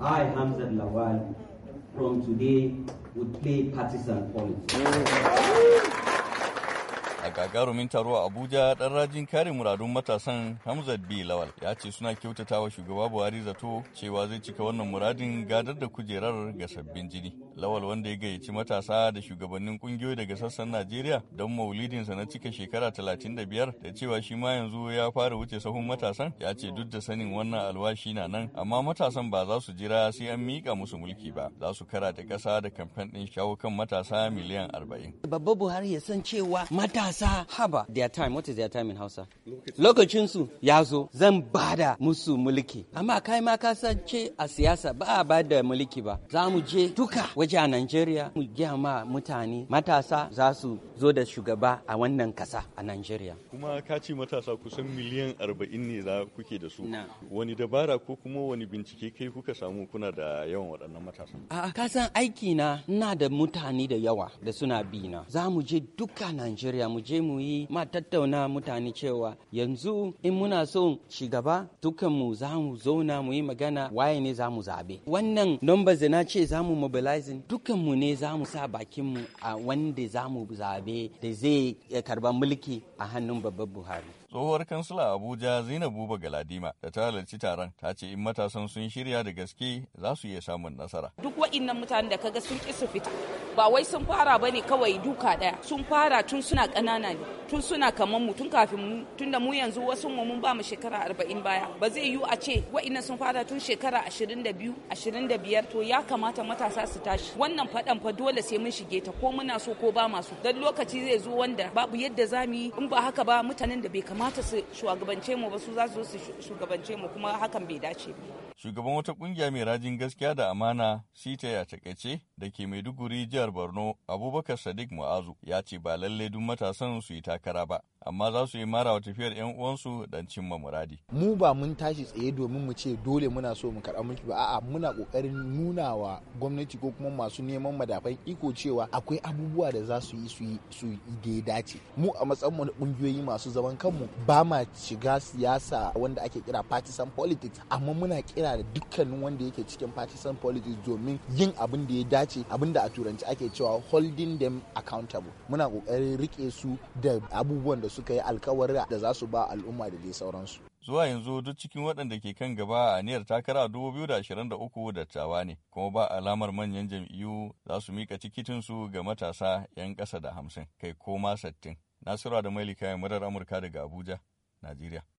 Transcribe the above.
I, Hamza Lawal, from today would play partisan politics. A gagarumin taro a Abuja dan rajin kare muradun matasan Hamzat B. Lawal ya ce suna kyautata wa shugaba Buhari zato cewa zai cika wannan muradin gadar da kujerar ga sabbin jini. Lawal wanda ya gayyaci matasa da shugabannin kungiyoyi daga sassan Najeriya don maulidinsa na cika shekara talatin da biyar da cewa shi ma yanzu ya fara wuce sahun matasan ya ce duk da sanin wannan alwashi na nan amma matasan ba za su jira sai an miƙa musu mulki ba za su kara da ƙasa da kamfen ɗin shawo kan matasa miliyan arba'in. Babba Buhari ya san cewa matasa ƙasa haba their time what is their time in Hausa lokacin su ya zo zan bada musu mulki amma kai ma ka ce a siyasa ba a bada mulki ba za mu je duka waje a Najeriya mu gaya ma mutane matasa za su zo da shugaba a wannan kasa a Najeriya kuma ka ce matasa kusan miliyan 40 ne za kuke da su wani dabara ko kuma wani bincike kai kuka samu kuna da yawan waɗannan matasa a'a ka san aiki na na da mutane da yawa da suna bi na za mu je duka Najeriya mu je mu yi ma tattauna mutane cewa yanzu in muna so son gaba dukanmu za mu zauna mu yi magana waye ne za mu zabe wannan number zina ce za mu mobilizing dukanmu ne za mu sa mu a wanda za mu zabe da zai karba mulki a hannun babban buhari Tsohuwar kansila Abuja zina Buba Galadima da ta halarci taron ta ce in matasan sun shirya da gaske za su iya samun nasara. Duk wa'innan mutanen da kaga sun ƙi su fita ba wai sun fara ba ne kawai duka ɗaya sun fara tun suna ƙanana ne tun suna kaman mu tun kafin mu tun da mu yanzu wasu mu mun ba mu shekara arba'in baya ba zai yiwu a ce wa'innan sun fara tun shekara ashirin da biyu ashirin da biyar to ya kamata matasa su tashi wannan faɗan fa dole sai mun shige ta ko muna so ko ba masu dan lokaci zai zo wanda babu yadda za mu yi in ba haka ba mutanen da bai kamata kamata su shugabance mu ba su za su shugabance mu kuma hakan bai dace. ba. Shugaban wata kungiya mai rajin gaskiya da amana sita ya takaice da ke Maiduguri jihar Borno Abubakar Sadiq Mu'azu ya ce ba lalle duk matasan su yi takara ba amma za su yi mara wa tafiyar 'yan uwansu don cimma muradi. Mu ba mun tashi tsaye domin mu ce dole muna so mu karɓa mulki ba a'a muna kokarin nuna wa gwamnati ko kuma masu neman madafan iko cewa akwai abubuwa da za su yi su yi da ya dace. Mu a matsayin mu na masu zaman kanmu ba ma shiga siyasa wanda ake kira partisan politics amma muna kira da dukkanin wanda yake cikin partisan politics domin yin abin da ya dace ce da a turanci ake cewa holding them accountable muna kokarin rike su da abubuwan da suka yi alkawari da za su ba al'umma da dai sauransu zuwa yanzu duk cikin waɗanda ke kan gaba a niyar takara 2023 dattawa ne kuma ba alamar manyan jam'iyyu za su mika su ga matasa 'yan ƙasa da hamsin kai ko ma sattin nasiru da mailika murar amurka daga abuja najeriya